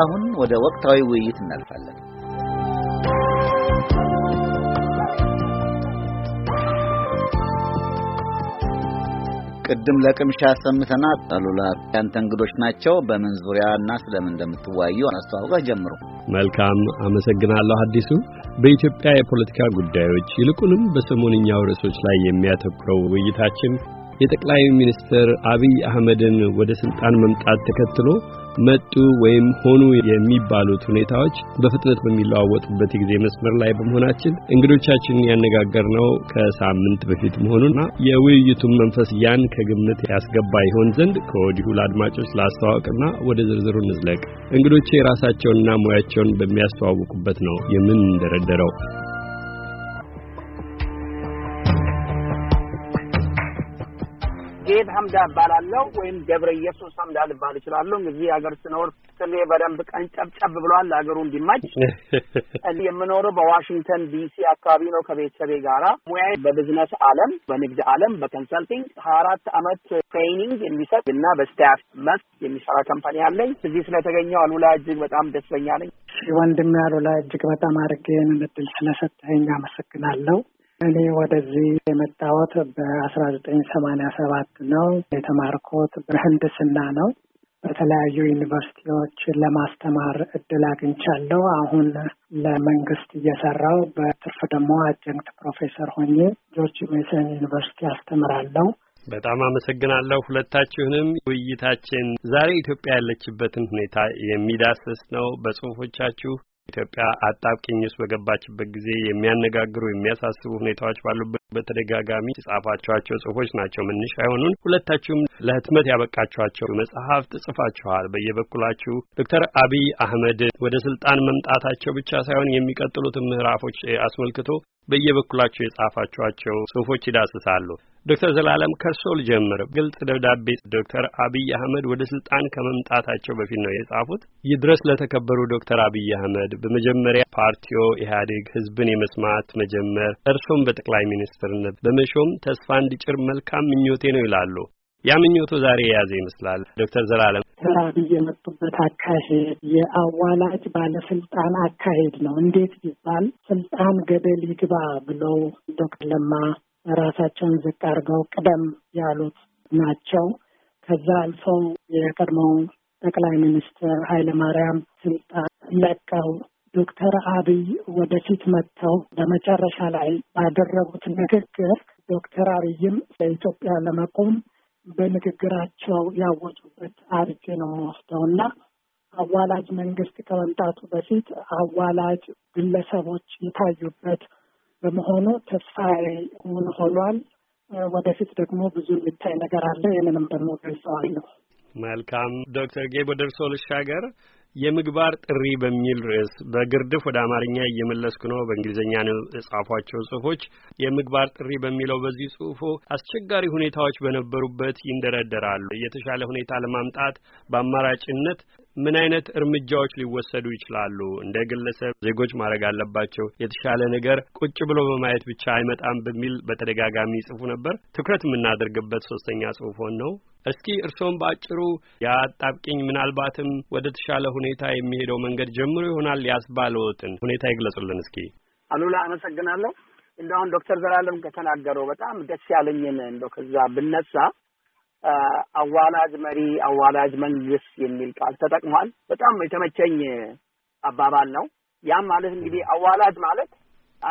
አሁን ወደ ወቅታዊ ውይይት እናልፋለን። ቅድም ለቅምሻ ሰምተናት አሉላ ያንተ እንግዶች ናቸው። በምን ዙሪያ እና ስለምን እንደምትወያዩ አስተዋውቀህ ጀምሩ። መልካም አመሰግናለሁ አዲሱ። በኢትዮጵያ የፖለቲካ ጉዳዮች ይልቁንም በሰሞንኛው ርዕሶች ላይ የሚያተኩረው ውይይታችን የጠቅላይ ሚኒስትር አብይ አህመድን ወደ ስልጣን መምጣት ተከትሎ መጡ ወይም ሆኑ የሚባሉት ሁኔታዎች በፍጥነት በሚለዋወጡበት የጊዜ መስመር ላይ በመሆናችን እንግዶቻችንን ያነጋገርነው ከሳምንት በፊት መሆኑና የውይይቱን መንፈስ ያን ከግምት ያስገባ ይሆን ዘንድ ከወዲሁ ለአድማጮች ላስተዋወቅና ወደ ዝርዝሩ እንዝለቅ። እንግዶቼ ራሳቸውንና ሙያቸውን በሚያስተዋውቁበት ነው የምንደረደረው። ሀምዳ እባላለሁ ወይም ገብረ ኢየሱስ ሀምዳ ልባል እችላለሁ። እንግዲህ ሀገር ስኖር ስሜ በደንብ ቀንጨብጨብ ብሏል፣ ሀገሩ እንዲማጭ። የምኖረው በዋሽንግተን ዲሲ አካባቢ ነው ከቤተሰቤ ጋራ። ሙያዬ በቢዝነስ አለም በንግድ አለም በኮንሰልቲንግ ሀያ አራት አመት ትሬኒንግ የሚሰጥ እና በስታፍ መስክ የሚሰራ ከምፓኒ አለኝ። እዚህ ስለተገኘው አሉላ እጅግ በጣም ደስተኛ ነኝ። ወንድሜ አሉላ እጅግ በጣም አድርጌ እድል ስለሰጠኝ አመሰግናለሁ። እኔ ወደዚህ የመጣሁት በአስራ ዘጠኝ ሰማንያ ሰባት ነው። የተማርኮት በምህንድስና ነው። በተለያዩ ዩኒቨርሲቲዎች ለማስተማር እድል አግኝቻለሁ። አሁን ለመንግስት እየሰራው በትርፍ ደግሞ አጀንክት ፕሮፌሰር ሆኜ ጆርጅ ሜሰን ዩኒቨርሲቲ አስተምራለሁ። በጣም አመሰግናለሁ ሁለታችሁንም። ውይይታችን ዛሬ ኢትዮጵያ ያለችበትን ሁኔታ የሚዳስስ ነው። በጽሁፎቻችሁ ኢትዮጵያ አጣብቂኝ ውስጥ በገባችበት ጊዜ የሚያነጋግሩ የሚያሳስቡ ሁኔታዎች ባሉበት በተደጋጋሚ የጻፋችኋቸው ጽሁፎች ናቸው መነሻ የሆኑን። ሁለታችሁም ለህትመት ያበቃችኋቸው መጽሐፍት ጽፋችኋል። በየበኩላችሁ ዶክተር አብይ አህመድ ወደ ስልጣን መምጣታቸው ብቻ ሳይሆን የሚቀጥሉትን ምዕራፎች አስመልክቶ በየበኩላችሁ የጻፋችኋቸው ጽሁፎች ይዳስሳሉ። ዶክተር ዘላለም ከእርስዎ ልጀምር። ግልጽ ደብዳቤ ዶክተር አብይ አህመድ ወደ ስልጣን ከመምጣታቸው በፊት ነው የጻፉት። ይድረስ ለተከበሩ ዶክተር አብይ አህመድ በመጀመሪያ ፓርቲዎ ኢህአዴግ ህዝብን የመስማት መጀመር እርሱም በጠቅላይ ሚኒስትር ሚኒስትርነት በመሾም ተስፋ እንዲጭር መልካም ምኞቴ ነው ይላሉ። ያ ምኞቶ ዛሬ የያዘ ይመስላል። ዶክተር ዘላለም ዘራቢ የመጡበት አካሄድ የአዋላጅ ባለስልጣን አካሄድ ነው። እንዴት ይባል ስልጣን ገደል ይግባ ብለው ዶክተር ለማ ራሳቸውን ዝቅ አድርገው ቅደም ያሉት ናቸው። ከዛ አልፈው የቀድሞው ጠቅላይ ሚኒስትር ኃይለማርያም ስልጣን ለቀው ዶክተር አብይ ወደፊት መጥተው በመጨረሻ ላይ ባደረጉት ንግግር ዶክተር አብይም ለኢትዮጵያ ለመቆም በንግግራቸው ያወጡበት አርጌ ነው የምወስደው እና አዋላጅ መንግስት ከመምጣቱ በፊት አዋላጅ ግለሰቦች የታዩበት በመሆኑ ተስፋ ሆን ሆኗል። ወደፊት ደግሞ ብዙ የሚታይ ነገር አለ። ይህንንም ደግሞ ገልጸዋለሁ። መልካም ዶክተር ጌ ወደ ልሻገር። የምግባር ጥሪ በሚል ርዕስ በግርድፍ ወደ አማርኛ እየመለስኩ ነው። በእንግሊዝኛ ነው የጻፏቸው ጽሁፎች። የምግባር ጥሪ በሚለው በዚህ ጽሁፎ አስቸጋሪ ሁኔታዎች በነበሩበት ይንደረደራሉ። የተሻለ ሁኔታ ለማምጣት በአማራጭነት ምን አይነት እርምጃዎች ሊወሰዱ ይችላሉ? እንደ ግለሰብ ዜጎች ማድረግ አለባቸው። የተሻለ ነገር ቁጭ ብሎ በማየት ብቻ አይመጣም በሚል በተደጋጋሚ ይጽፉ ነበር። ትኩረት የምናደርግበት ሶስተኛ ጽሁፎን ነው። እስኪ እርስዎም በአጭሩ የአጣብቂኝ ምናልባትም ወደ ተሻለ ሁኔታ የሚሄደው መንገድ ጀምሮ ይሆናል ያስባለዎትን ሁኔታ ይግለጹልን። እስኪ አሉላ፣ አመሰግናለሁ። እንደሁን ዶክተር ዘላለም ከተናገረው በጣም ደስ ያለኝን እንደው ከዛ ብነሳ አዋላጅ መሪ፣ አዋላጅ መንግስት የሚል ቃል ተጠቅሟል። በጣም የተመቸኝ አባባል ነው። ያም ማለት እንግዲህ አዋላጅ ማለት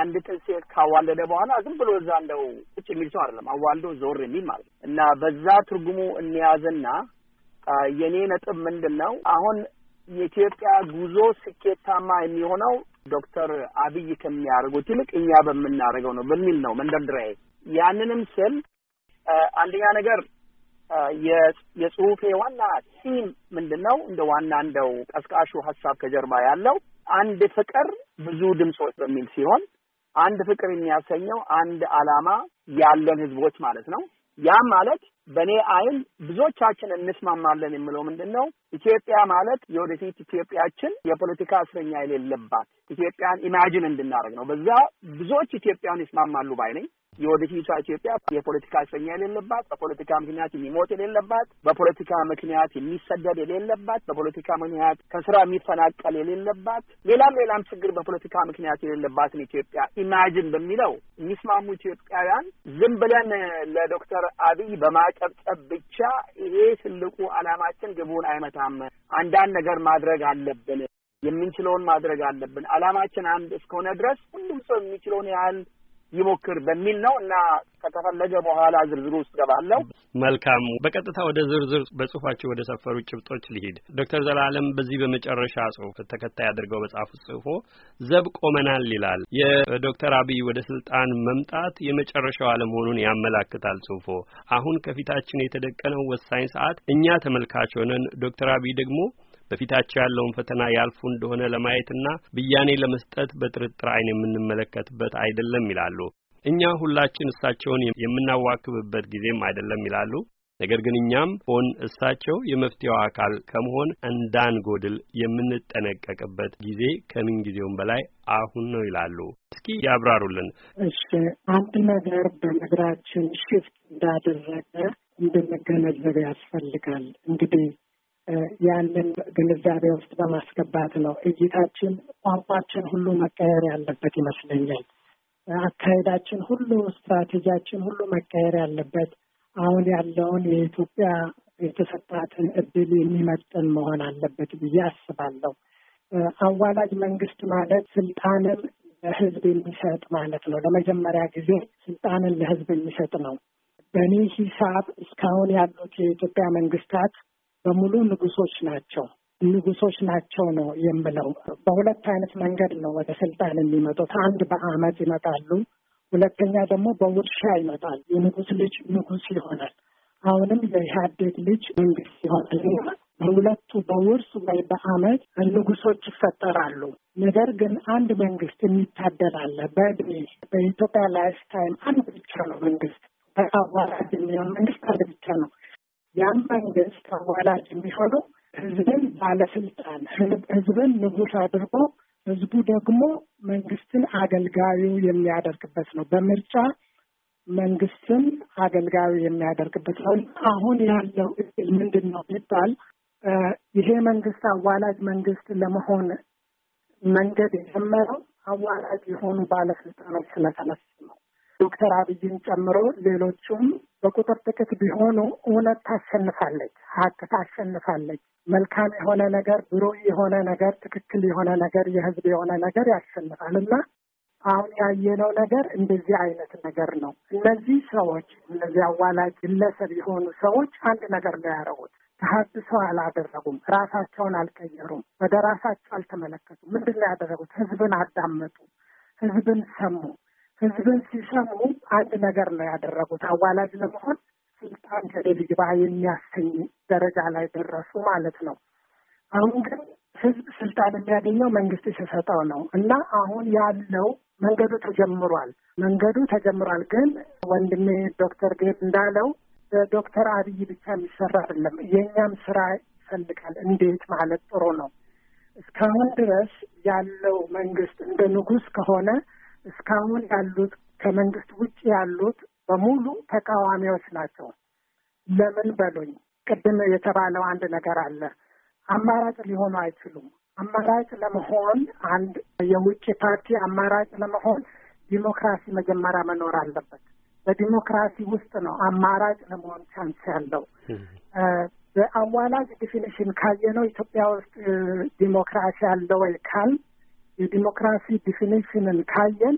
አንድ ጥንድ ሴት ካዋለደ በኋላ ዝም ብሎ እዛ እንደው ቁጭ የሚል ሰው አይደለም፣ አዋልዶ ዞር የሚል ማለት ነው። እና በዛ ትርጉሙ እንያዝና የእኔ ነጥብ ምንድን ነው አሁን የኢትዮጵያ ጉዞ ስኬታማ የሚሆነው ዶክተር አብይ ከሚያደርጉት ይልቅ እኛ በምናደርገው ነው በሚል ነው መንደርደሪያዬ። ያንንም ስል አንደኛ ነገር የጽሁፌ ዋና ሲም ምንድን ነው እንደ ዋና እንደው ቀስቃሹ ሀሳብ ከጀርባ ያለው አንድ ፍቅር ብዙ ድምጾች በሚል ሲሆን አንድ ፍቅር የሚያሰኘው አንድ አላማ ያለን ህዝቦች ማለት ነው። ያም ማለት በእኔ አይን ብዙዎቻችን እንስማማለን የምለው ምንድን ነው? ኢትዮጵያ ማለት የወደፊት ኢትዮጵያችን የፖለቲካ እስረኛ የሌለባት ኢትዮጵያን ኢማጂን እንድናደርግ ነው። በዛ ብዙዎች ኢትዮጵያን ይስማማሉ ባይ ነኝ። የወደፊቷ ኢትዮጵያ የፖለቲካ እስረኛ የሌለባት፣ በፖለቲካ ምክንያት የሚሞት የሌለባት፣ በፖለቲካ ምክንያት የሚሰደድ የሌለባት፣ በፖለቲካ ምክንያት ከስራ የሚፈናቀል የሌለባት፣ ሌላም ሌላም ችግር በፖለቲካ ምክንያት የሌለባትን ኢትዮጵያ ኢማጅን በሚለው የሚስማሙ ኢትዮጵያውያን ዝም ብለን ለዶክተር አብይ በማጨብጨብ ብቻ ይሄ ትልቁ አላማችን ግቡን አይመታም። አንዳንድ ነገር ማድረግ አለብን። የምንችለውን ማድረግ አለብን። አላማችን አንድ እስከሆነ ድረስ ሁሉም ሰው የሚችለውን ያህል ይሞክር በሚል ነው እና ከተፈለገ በኋላ ዝርዝሩ ውስጥ ገባለሁ። መልካም። በቀጥታ ወደ ዝርዝር በጽሁፋቸው ወደ ሰፈሩ ጭብጦች ሊሄድ ዶክተር ዘላለም በዚህ በመጨረሻ ጽሁፍ ተከታይ አድርገው በጻፉት ጽሁፎ ዘብ ቆመናል ይላል። የዶክተር አብይ ወደ ስልጣን መምጣት የመጨረሻው አለመሆኑን ያመላክታል ጽሁፎ። አሁን ከፊታችን የተደቀነው ወሳኝ ሰዓት እኛ ተመልካች ሆነን ዶክተር አብይ ደግሞ በፊታቸው ያለውን ፈተና ያልፉ እንደሆነ ለማየትና ብያኔ ለመስጠት በጥርጥር አይን የምንመለከትበት አይደለም ይላሉ። እኛ ሁላችን እሳቸውን የምናዋክብበት ጊዜም አይደለም ይላሉ። ነገር ግን እኛም ሆን እሳቸው የመፍትሄው አካል ከመሆን እንዳንጎድል የምንጠነቀቅበት ጊዜ ከምን ጊዜውም በላይ አሁን ነው ይላሉ። እስኪ ያብራሩልን። እሺ፣ አንድ ነገር በምድራችን ሽፍት እንዳደረገ እንድንገነዘብ ያስፈልጋል። እንግዲህ ያንን ግንዛቤ ውስጥ በማስገባት ነው። እይታችን፣ ቋንቋችን ሁሉ መቀየር ያለበት ይመስለኛል። አካሄዳችን ሁሉ፣ ስትራቴጂያችን ሁሉ መቀየር ያለበት አሁን ያለውን የኢትዮጵያ የተሰጣትን እድል የሚመጥን መሆን አለበት ብዬ አስባለሁ። አዋላጅ መንግስት ማለት ስልጣንን ለህዝብ የሚሰጥ ማለት ነው። ለመጀመሪያ ጊዜ ስልጣንን ለህዝብ የሚሰጥ ነው። በእኔ ሂሳብ እስካሁን ያሉት የኢትዮጵያ መንግስታት በሙሉ ንጉሶች ናቸው ንጉሶች ናቸው ነው የምለው። በሁለት አይነት መንገድ ነው ወደ ስልጣን የሚመጡት። አንድ በአመት ይመጣሉ፣ ሁለተኛ ደግሞ በውርሻ ይመጣል። የንጉስ ልጅ ንጉስ ይሆናል፣ አሁንም የኢህአዴግ ልጅ መንግስት ይሆናል። በሁለቱ በውርስ ወይ በአመት ንጉሶች ይፈጠራሉ። ነገር ግን አንድ መንግስት የሚታደል አለ በእድሜ በኢትዮጵያ ላይፍ ታይም አንድ ብቻ ነው መንግስት በአዋራ ድሚሆን መንግስት አንድ ብቻ ነው። ያም መንግስት ተዋላጅ የሚሆነው ህዝብን ባለስልጣን፣ ህዝብን ንጉስ አድርጎ ህዝቡ ደግሞ መንግስትን አገልጋዩ የሚያደርግበት ነው። በምርጫ መንግስትን አገልጋዩ የሚያደርግበት ነው። አሁን ያለው እድል ምንድን ነው ቢባል ይሄ መንግስት አዋላጅ መንግስት ለመሆን መንገድ የጀመረው አዋላጅ የሆኑ ባለስልጣኖች ስለተነሱ ነው። ዶክተር አብይን ጨምሮ ሌሎቹም በቁጥር ጥቂት ቢሆኑ እውነት ታሸንፋለች፣ ሀቅ ታሸንፋለች። መልካም የሆነ ነገር፣ ብሩህ የሆነ ነገር፣ ትክክል የሆነ ነገር፣ የህዝብ የሆነ ነገር ያሸንፋል እና አሁን ያየነው ነገር እንደዚህ አይነት ነገር ነው። እነዚህ ሰዎች እነዚህ አዋላጅ ግለሰብ የሆኑ ሰዎች አንድ ነገር ነው ያደረጉት። ተሀድሶ አላደረጉም። ራሳቸውን አልቀየሩም። ወደ ራሳቸው አልተመለከቱም። ምንድን ነው ያደረጉት? ህዝብን አዳመጡ፣ ህዝብን ሰሙ። ህዝብን ሲሰሙ አንድ ነገር ነው ያደረጉት። አዋላጅ ለመሆን ስልጣን ከሌሊግባ የሚያሰኝ ደረጃ ላይ ደረሱ ማለት ነው። አሁን ግን ህዝብ ስልጣን የሚያገኘው መንግስት ሲሰጠው ነው እና አሁን ያለው መንገዱ ተጀምሯል። መንገዱ ተጀምሯል፣ ግን ወንድሜ ዶክተር ጌት እንዳለው ዶክተር አብይ ብቻ የሚሰራ አይደለም። የእኛም ስራ ይፈልጋል። እንዴት ማለት ጥሩ ነው። እስካሁን ድረስ ያለው መንግስት እንደ ንጉስ ከሆነ እስካሁን ያሉት ከመንግስት ውጭ ያሉት በሙሉ ተቃዋሚዎች ናቸው። ለምን በሉኝ፣ ቅድም የተባለው አንድ ነገር አለ። አማራጭ ሊሆኑ አይችሉም። አማራጭ ለመሆን አንድ የውጭ ፓርቲ አማራጭ ለመሆን ዲሞክራሲ መጀመሪያ መኖር አለበት። በዲሞክራሲ ውስጥ ነው አማራጭ ለመሆን ቻንስ ያለው። በአዋላጅ ዲፊኒሽን ካየነው ኢትዮጵያ ውስጥ ዲሞክራሲ አለ ወይ ካል የዲሞክራሲ ዲፊኒሽንን ካየን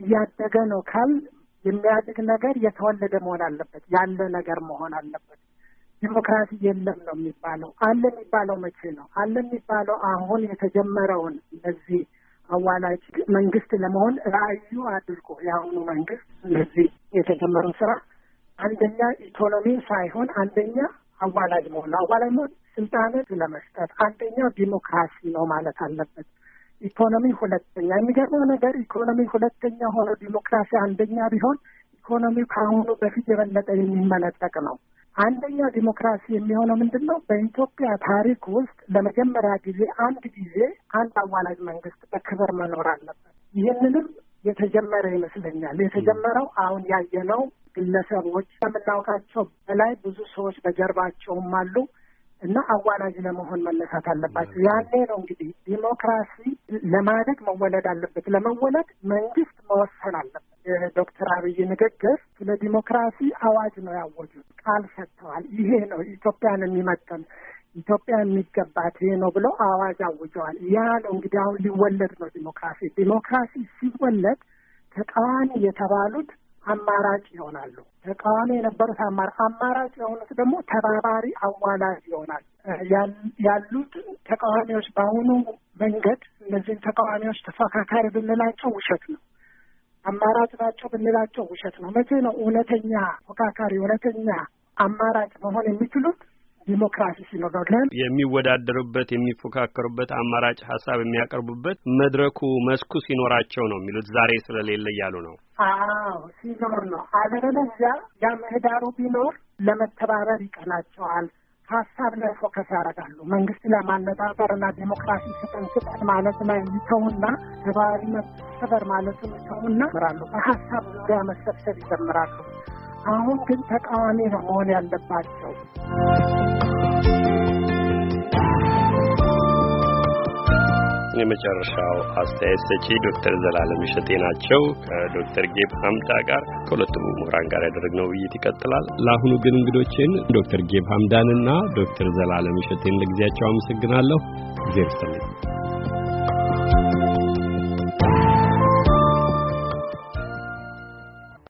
እያደገ ነው ካል የሚያድግ ነገር የተወለደ መሆን አለበት፣ ያለ ነገር መሆን አለበት። ዲሞክራሲ የለም ነው የሚባለው። አለ የሚባለው መቼ ነው? አለ የሚባለው አሁን የተጀመረውን እነዚህ አዋላጅ መንግስት ለመሆን ራዕዩ አድርጎ የአሁኑ መንግስት እነዚህ የተጀመረው ስራ አንደኛ ኢኮኖሚ ሳይሆን አንደኛ አዋላጅ መሆን ነው። አዋላጅ መሆን ስልጣንን ለመስጠት አንደኛው ዲሞክራሲ ነው ማለት አለበት። ኢኮኖሚ ሁለተኛ። የሚገርመው ነገር ኢኮኖሚ ሁለተኛ ሆነ ዲሞክራሲ አንደኛ ቢሆን ኢኮኖሚው ከአሁኑ በፊት የበለጠ የሚመለጠቅ ነው። አንደኛ ዲሞክራሲ የሚሆነው ምንድን ነው? በኢትዮጵያ ታሪክ ውስጥ ለመጀመሪያ ጊዜ አንድ ጊዜ አንድ አዋላጅ መንግስት በክብር መኖር አለበት። ይህንንም የተጀመረ ይመስለኛል። የተጀመረው አሁን ያየነው ግለሰቦች ከምናውቃቸው በላይ ብዙ ሰዎች በጀርባቸውም አሉ እና አዋላጅ ለመሆን መነሳት አለባቸው። ያኔ ነው እንግዲህ ዲሞክራሲ ለማደግ መወለድ አለበት። ለመወለድ መንግስት መወሰን አለበት። ዶክተር አብይ ንግግር ስለ ዲሞክራሲ አዋጅ ነው ያወጁት፣ ቃል ሰጥተዋል። ይሄ ነው ኢትዮጵያን የሚመጠን ኢትዮጵያ የሚገባት ይሄ ነው ብለው አዋጅ አውጀዋል። ያ ነው እንግዲህ አሁን ሊወለድ ነው ዲሞክራሲ። ዲሞክራሲ ሲወለድ ተቃዋሚ የተባሉት አማራጭ ይሆናሉ። ተቃዋሚ የነበሩት አማር አማራጭ የሆኑት ደግሞ ተባባሪ አዋላጅ ይሆናል። ያሉት ተቃዋሚዎች በአሁኑ መንገድ እነዚህን ተቃዋሚዎች ተፎካካሪ ብንላቸው ውሸት ነው። አማራጭ ናቸው ብንላቸው ውሸት ነው። መቼ ነው እውነተኛ ተፎካካሪ እውነተኛ አማራጭ መሆን የሚችሉት? ዲሞክራሲ ሲኖር የሚወዳደሩበት የሚፎካከሩበት አማራጭ ሀሳብ የሚያቀርቡበት መድረኩ መስኩ ሲኖራቸው ነው የሚሉት ዛሬ ስለሌለ እያሉ ነው። አዎ ሲኖር ነው። አለበለዚያ ያ ምህዳሩ ቢኖር ለመተባበር ይቀናቸዋል። ሀሳብ ላይ ፎከስ ያደርጋሉ። መንግስት ለማነጣጠር ለማነጣጠርና ዴሞክራሲ ስጠን ስጠን ማለት ላይ ይተውና ሰብአዊ መብት ስበር ማለትም ይተውና ራሉ በሀሳብ ዙሪያ መሰብሰብ ይጀምራሉ። አሁን ግን ተቃዋሚ ነው መሆን ያለባቸው። የመጨረሻው አስተያየት ሰጪ ዶክተር ዘላለም እሸቴ ናቸው። ከዶክተር ጌብ ሀምዳ ጋር ከሁለቱም ምሁራን ጋር ያደረግነው ውይይት ይቀጥላል። ለአሁኑ ግን እንግዶችን ዶክተር ጌብ ሀምዳንና ዶክተር ዘላለም እሸቴን ለጊዜያቸው አመሰግናለሁ። ጊዜ